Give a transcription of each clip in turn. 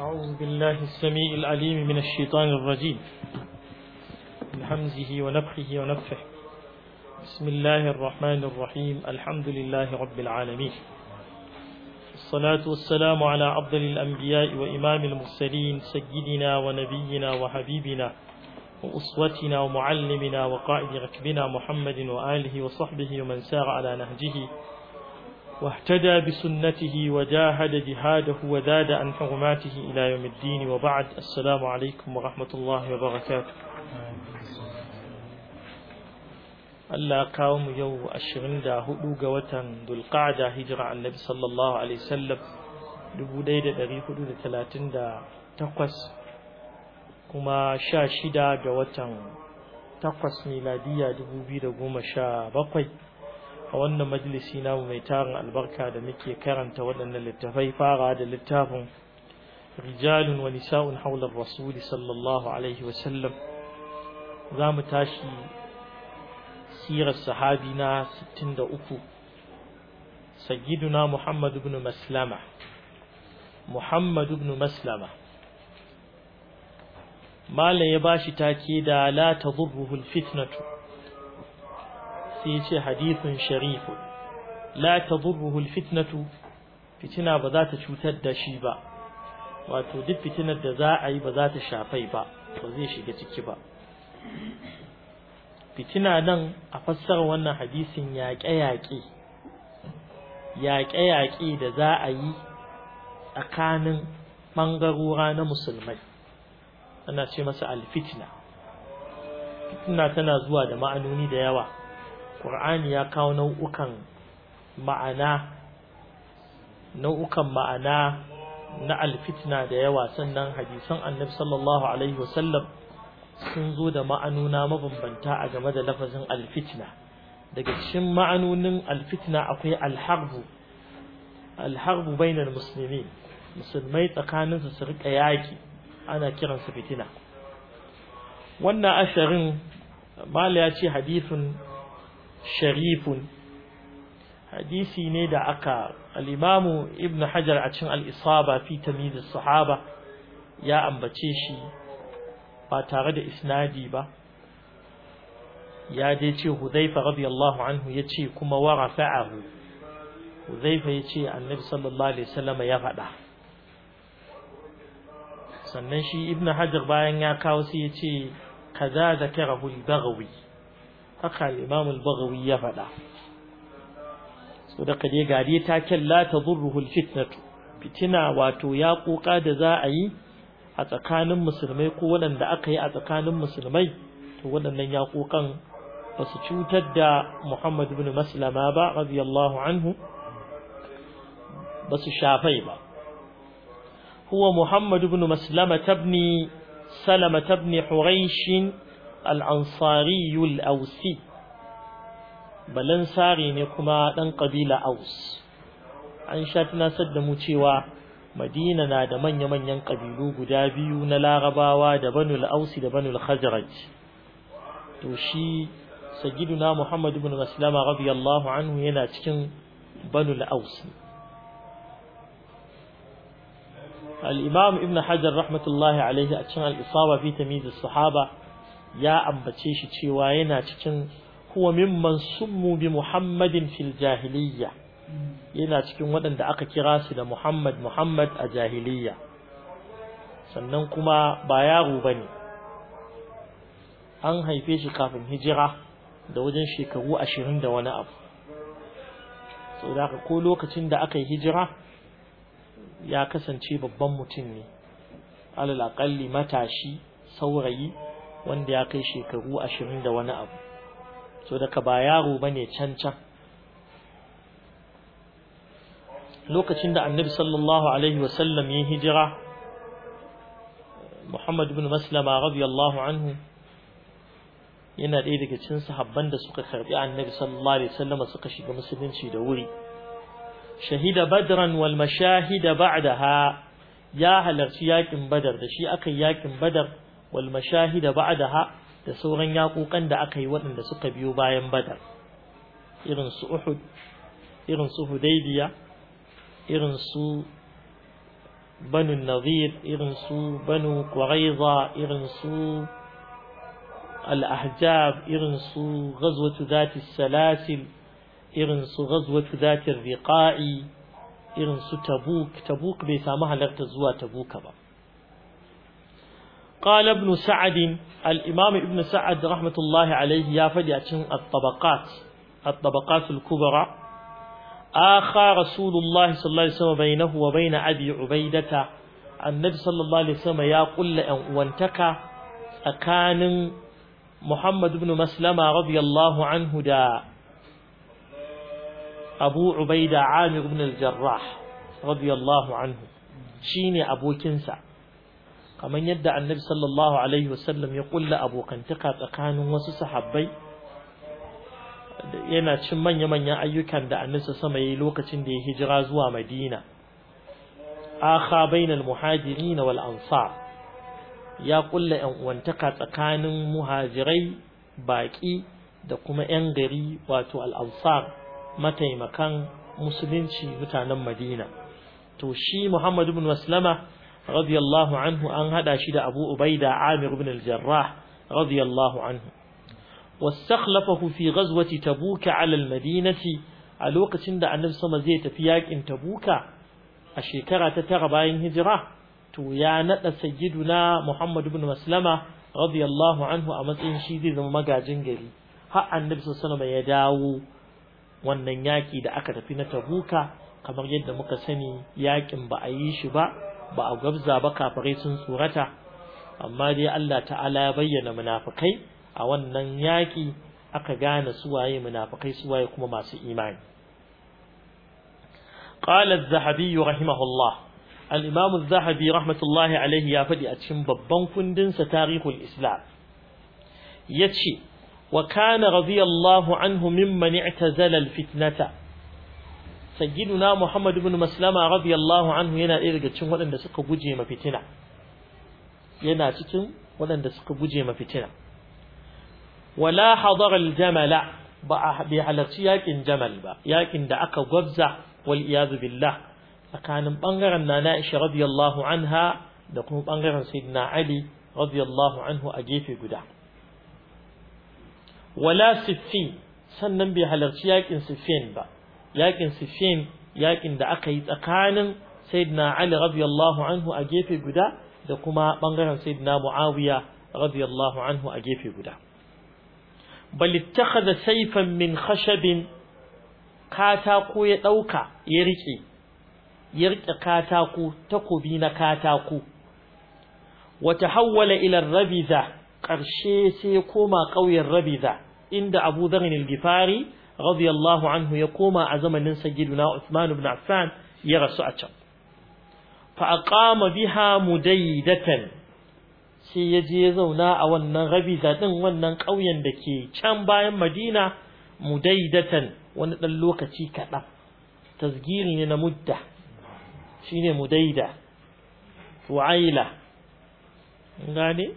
أعوذ بالله السميع العليم من الشيطان الرجيم من همزه ونفخه بسم الله الرحمن الرحيم الحمد لله رب العالمين الصلاة والسلام على عبد الأنبياء وإمام المرسلين سيدنا ونبينا وحبيبنا وأسوتنا ومعلمنا وقائد ركبنا محمد وآله وصحبه ومن سار على نهجه واهتدى بسنته وجاهد جهاده وزاد عن حرماته إلى يوم الدين وبعد السلام عليكم ورحمة الله وبركاته Allah kawo mu yau ashirin da hudu ga watan Dulqa'da hijira annabi sallallahu alaihi wasallam dubu ɗaya da ɗari hudu da talatin da takwas kuma sha shida ga watan takwas miladiya dubu biyu da goma sha bakwai a wannan majalisi namu mai tarin albarka da muke karanta waɗannan littafai fara da littafin rijalun wa nisa'un haular rasuli sallallahu alaihi sallam za mu tashi sirar sahabi na 63 sayyiduna muhammad ibn maslama muhammad ibn maslama mala ya bashi take da la tadurruhu alfitnatu sai ce hadithun sharifu la ta tadurruhu alfitnatu fitina ba za ta cutar da shi ba wato duk fitinar da za a yi ba za ta shafai ba ba zai shiga ciki ba fitina nan a fassara wannan hadisin yaƙe-yaƙe yaƙe-yaƙe da za a yi tsakanin ɓangarora na musulmai ana ce masa alfitina fitina tana zuwa da ma'anoni da yawa Ƙur'ani ya kawo nau'ukan ma'ana nau'ukan ma'ana na alfitna da yawa sannan hadisan annabi sallallahu alaihi wasallam sun zo da ma'anuna mabambanta a game da lafazin alfitna daga cikin ma'anonin alfitna akwai alharbu alharbu bainal muslimin musulmai tsakaninsu su rika yaki ana kiransa fitina wannan asharin mala ya ce hadisin sharifun hadisi ne da aka alimamu ibn hajar a cikin al-isaba fi tamyiz sahaba ya ambace shi ba tare da isnadi ba ya dai ce hudhaifa radiyallahu anhu yace kuma wa rafa'ahu ya yace annabi sallallahu alaihi wasallam ya faɗa sannan shi ibn hajar bayan ya kawo sai yace kaza zakarahu al haka al-imam ya faɗa so da kaje gari ta kalla ta zurruhul fitnatu fitina wato ya kuka da za a yi a tsakanin musulmai ko waɗanda aka yi a tsakanin musulmai to waɗannan ya kukan ba su cutar da Muhammad ibn Maslama ba radiyallahu anhu ba su shafai ba huwa Muhammad ibn Maslama tabni Salama tabni Huraish ansariyu lausi balansari ne kuma ɗan ƙabila aus an sha tunasar da mu cewa madina na da manya-manyan ƙabilu guda biyu na larabawa da banul ausi da banul khazraj to shi sayyiduna muhammad ibn maslama radiyallahu anhu yana cikin banul ausi الإمام ابن hajar rahmatullahi a عليه أتشان الإصابة في تمييز sahaba ya ambace shi cewa yana cikin huwa mimman summu bi muhammadin fil jahiliya yana cikin waɗanda aka kira su da muhammad muhammad a jahiliya sannan kuma ba yaro ba ne an haife shi kafin hijira da wajen shekaru ashirin da wani abu sau da ko lokacin da aka yi hijira ya kasance babban mutum ne alal matashi saurayi wanda ya kai shekaru ashirin da wani abu so daga ba yaro bane can can lokacin da annabi sallallahu alaihi wasallam ya hijira Muhammad ibn Maslama radiyallahu anhu yana ɗaya daga cikin sahabban da suka karbi annabi sallallahu alaihi wasallam suka shiga musulunci da wuri shahida badran wal mashahida ba'daha ya halarci yakin badar da shi aka yakin badar wal mashahida ba'daha da sauran yaƙoƙan da aka yi waɗanda suka biyo bayan badar irin su uhud irin su hudaybiya irin su banu nadir irin su banu Qurayza irin su al-ahjab irin su ghazwatu salasil irin su ghazwatu zati riqa'i irin su tabuk tabuk bai samu halarta zuwa tabuka ba قال ابن سعد الإمام ابن سعد رحمة الله عليه يافد يأتين الطبقات الطبقات الكبرى آخى رسول الله صلى الله عليه وسلم بينه وبين أبي عبيدة النبي صلى الله عليه وسلم يقول لأن وانتكى أكان محمد بن مسلمة رضي الله عنه دا أبو عبيدة عامر بن الجراح رضي الله عنه شيني أبو كنسى kamar yadda annabi sallallahu alaihi wasallam ya kulla abokantaka tsakanin wasu sahabbai yana cin manya-manyan ayyukan da annisa sama yi lokacin da ya hijira zuwa madina akha bainal muhajirin wal ansar ya kulla yan uwantaka tsakanin muhajirai baki da kuma yan gari wato al ansar mataimakan musulunci mutanen madina to shi muhammad ibn maslama radiyallahu anhu an hada shi da Abu Ubaida Amir ibn al-Jarrah radiyallahu anhu واستخلفه في غزوة تبوك على المدينة a lokacin da annabi sama zai tafi yakin tabuka a shekara ta tara bayan hijira to ya naɗa sayyiduna Muhammad ibn Maslama radiyallahu anhu a matsayin shi zai zama magajin gari har annabi sallallahu ya dawo wannan yaki da aka tafi na tabuka kamar yadda muka sani yakin ba a yi shi ba ba a gabza ba kafirai sun tsorata amma dai Allah ta'ala ya bayyana munafikai a wannan yaki aka gane suwaye munafikai suwaye kuma masu imani qala az-zahabi rahimahullah al-imam az-zahabi rahmatullahi alayhi ya faɗi a cikin babban kundin sa tarihul islam yace wa kana radiyallahu anhu mimman i'tazala al-fitnata sayyiduna Muhammad ibn Maslama radiyallahu yana ɗaya daga suka guje ma fitina yana cikin waɗanda suka guje ma fitina wala hadara jamala ba bi halarci yakin jamal ba yakin da aka gwabza wal iyad billah tsakanin bangaren nana Aisha radiyallahu anha da kuma bangaren sayyidina Ali radiyallahu anhu a gefe guda wala siffin sannan bai halarci yakin siffin ba yakin sifin yakin da aka yi tsakanin Sayyidina Ali radiyallahu anhu a gefe guda da kuma bangaren Sayyidina Muawiya radiyallahu anhu a gefe guda bal ittakhadha sayfan min khashabin katako ya dauka ya rike ya rike katako takobi na katako wa tahawwala ila rabiza karshe sai koma ƙauyen rabiza inda Abu Dharr al-Ghifari radiyallahu anhu ya koma a zamanin sayyiduna Usman Bin Affan ya rasu a can fa aqama biha mudaydatan sai ya je ya zauna a wannan rabiza din wannan ƙauyen da ke can bayan Madina mudaydatan wani dan lokaci kaɗan tasgiri ne na mudda shine mudaida wa'ila gane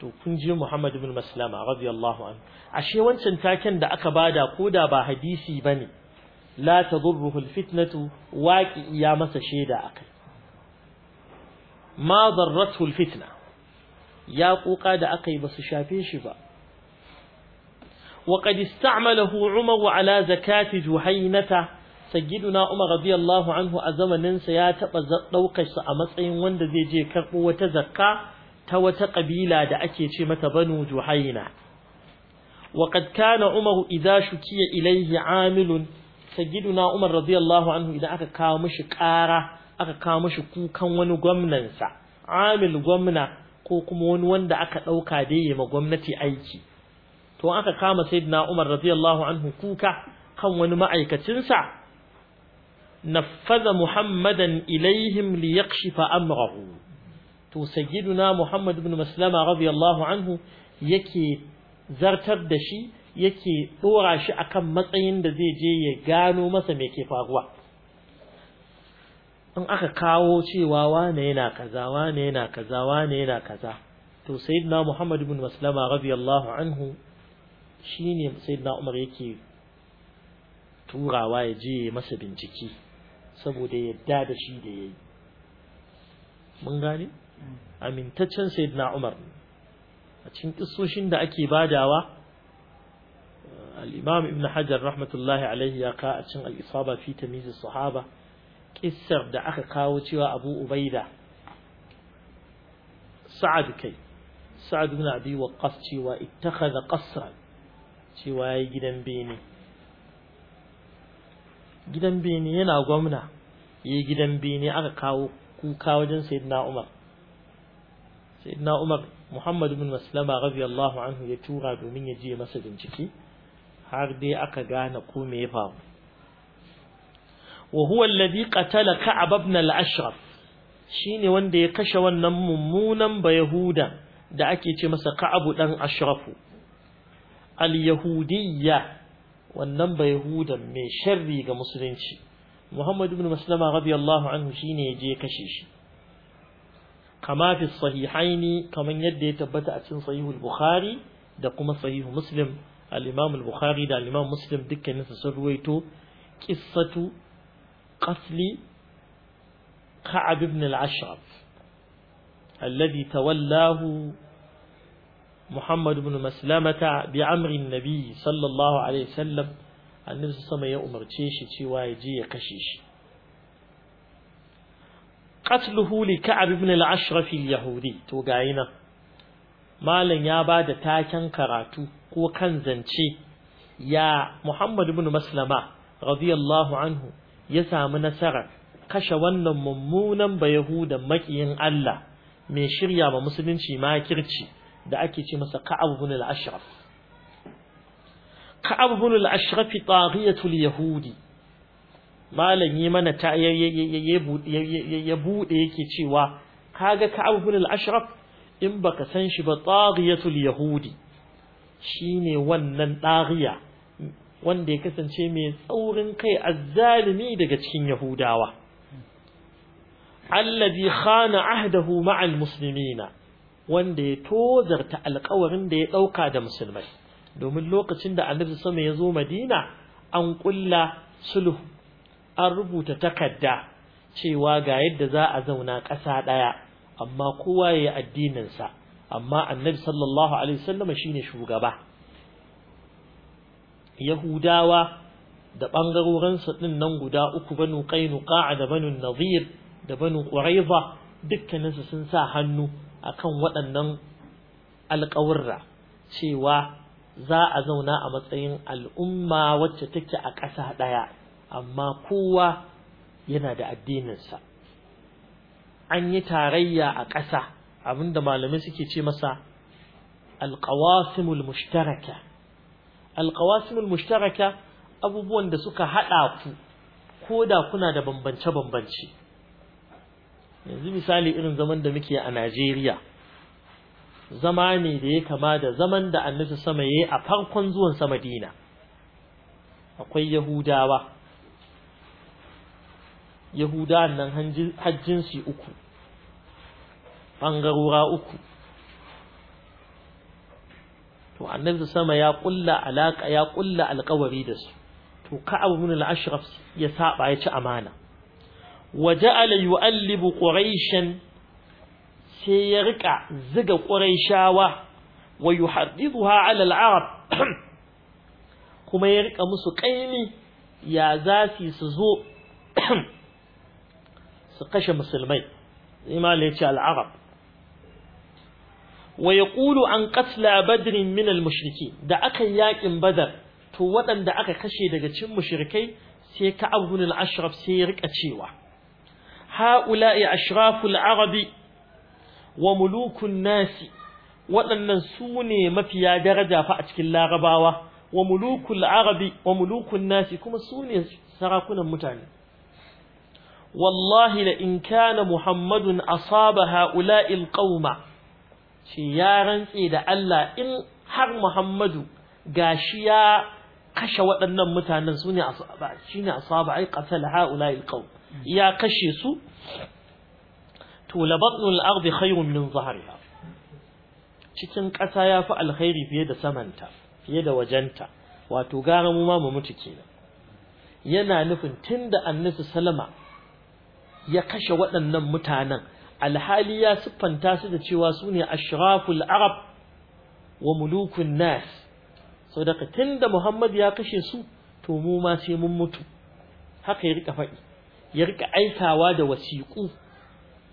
to kun ji Muhammad ibn Maslama radiyallahu anhu ashe wancan taken da aka bada koda ba hadisi bane la tadurruhu alfitnatu waqi ya masa sheda akai ma darrathu alfitna ya kuka da akai basu shafe shi ba وقد استعمله عمر على زكاة جهينة سيدنا عمر رضي الله عنه أزمن سياتب دوقش أمسعين وند زي جي wata وتزكى ta wata ƙabila da ake ce mata banu juhaina waqad kana umaru idza shukiya ilaihi, amilun sayyiduna umar radiyallahu idan aka kawo mishi ƙara aka kawo kukan wani gwamnansa amil gwamna ko kuma wani wanda aka ɗauka dai ma gwamnati aiki to aka kama sayyiduna umar radiyallahu kuka kan wani ma'aikacinsa nafaza muhammadan ilaihim ilayhim liyakshifa amrahu to sayyiduna Muhammad ibn Maslama radiyallahu anhu yake zartar da shi yake dora shi akan matsayin da zai je ya gano masa me ke faruwa in aka kawo cewa wane yana kaza wane yana kaza wane yana kaza to sayyidina Muhammad ibn Maslama radiyallahu anhu shine sayyidina Umar yake turawa ya je masa bincike saboda yadda da shi da yayi mun gane amintaccen sayyidina Umar a cikin kissoshin da ake badawa al-Imam Ibn Hajar rahmatullahi alaihi ya ka a cikin al-Isaba fi tamyiz sahaba kissar da aka kawo cewa Abu Ubaida Sa'ad kai Sa'ad ibn Abi Waqqas cewa ittakhadha qasran cewa yayi gidan bene gidan bene yana gwamna yayi gidan bene aka kawo kuka wajen sayyidina Umar sayyidina Umar Muhammad ibn Maslama radiyallahu anhu ya tura domin ya je masa bincike har dai aka gane ko me ya faru wa huwa alladhi qatala Ka'ab ibn al-Ashraf shine wanda ya kashe wannan mummunan bayahuda da ake ce masa Ka'ab dan Ashrafu al-yahudiyya wannan bayahudan mai sharri ga musulunci Muhammad ibn Maslama radiyallahu anhu shine ya je kashe shi kama fi sahihaini kaman yadda ya tabbata a cikin sahihul bukhari da kuma sahihu muslim al bukhari da al-imam muslim dukkanin su sun ruwaito qissatu qasli ka'ab ashraf alladhi tawallahu محمد بن مسلمة بأمر النبي صلى الله عليه وسلم النبي صلى الله عليه وسلم يأمر تشيشي تشيواي جي كشيشي qatluhu li ka'ab ibn al-ashraf al-yahudi to gayina malam ya bada taken karatu ko kan zance ya Muhammad ibn Maslama radiyallahu anhu ya samu nasara kashe wannan mummunan bayahudan makiyin Allah mai shirya wa musulunci makirci da ake ce masa Ka'ab ibn al-Ashraf Ka'ab ibn al-Ashraf taghiyatul yahudi malam yi mana ta ya buɗe yake cewa kaga ka'ab ibn al-ashraf in baka san shi ba taghiyatul yahudi shine wannan taghiya wanda ya kasance mai tsaurin kai azzalimi daga cikin yahudawa alladhi khana ahdahu ma'al muslimina wanda ya tozarta alƙawarin da ya ɗauka da musulmai domin lokacin da annabi sama ya zo madina an ƙulla sulhu an rubuta takarda cewa ga yadda za a zauna ƙasa ɗaya amma kowa ya yi addininsa amma annabi sallallahu alaihi wasallam shine shugaba yahudawa da ɓangarorinsu ɗin nan guda uku banu qainuqa da banu nadir da banu quraiza dukkaninsu sun sa hannu akan waɗannan alƙawurra cewa za a zauna a matsayin al'umma wacce take a ƙasa ɗaya amma kowa yana da addininsa an yi tarayya a ƙasa abinda malamai suke ce masa alƙawasimul mushtaraka alƙawasimul mushtaraka abubuwan da suka haɗa ku ko da kuna da bambance-bambance yanzu misali irin zaman da muke a Najeriya zama ne da ya kama da zaman da annisa sama ya yi a farkon zuwan sama dina akwai Yahudawa yahuda nan hajjin su uku ɓangarora uku to annabi sama ya ƙulla alaƙa, ya ƙulla alƙawari da su to ka'ab ibn al-ashraf ya saɓa ya ci amana Waje ja'ala yu'allibu quraishan sai ya riƙa ziga ƙuraishawa wa yuhaddiduha ha alal arab kuma ya rika musu ƙaimi ya zasi su zo su kashe musulmai imam alarab ce al-arab an qatla badr min al da aka yakin badar to waɗanda aka kashe daga cikin mushrikai sai ka abun ashraf sai ya rika cewa haula'i ashraful arabi wa mulukun nasi waɗannan su ne mafiya daraja fa a cikin larabawa wa mulukul arabi wa mulukun nasi kuma su ne sarakunan mutane wallahi la in kana muhammadun asaba haula'il qauma shi ya rantse da Allah in har muhammadu gashi ya kashe waɗannan mutanen su ne shine asaba ai qatala haula'il qaum ya kashe su to labatnul ardi khayrun min zahriha cikin ƙasa ya fi alkhairi fiye da samanta fiye da wajenta wato gara mu ma mu mutu kenan yana nufin tunda annabi salama. ya kashe waɗannan mutanen alhali ya siffanta su da cewa su ne ashraful arab wa mulukun nas sau da da muhammad ya kashe su to mu ma sai mun mutu haka ya rika faɗi ya rika aikawa da wasiƙu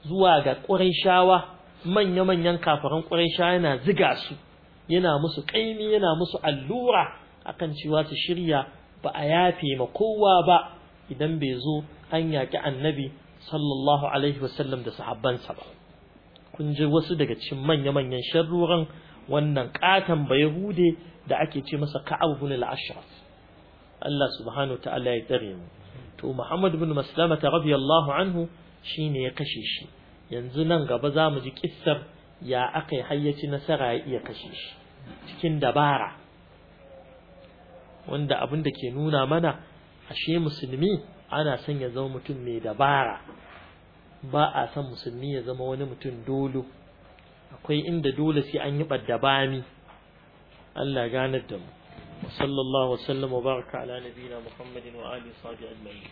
zuwa ga ƙurayshawa manya-manyan kafaran ƙurayshawa yana ziga su yana musu ƙaimi yana musu allura akan cewa su shirya ba a yafe ma kowa ba idan bai zo an yaƙi annabi sallallahu alaihi wasallam da sahabbansa ba kun ji wasu daga cikin manya-manyan sharruran wannan katan bayahude da ake ce masa ka'ab ibn al-ashraf Allah subhanahu ta'ala ya tsare mu to Muhammad ibn Maslama radiyallahu anhu shine ya kashe shi yanzu nan gaba za mu ji kissar ya akai hayyaci nasara ya iya kashe shi cikin dabara wanda abin da ke nuna mana ashe musulmi ana son ya zama mutum mai dabara ba a son musulmi ya zama wani mutum dolo akwai inda dole sai an yi bami Allah ganar da mu sallallahu wasallam wa baraka ala nabiyina muhammadin wa alihi sahbihi ajma'in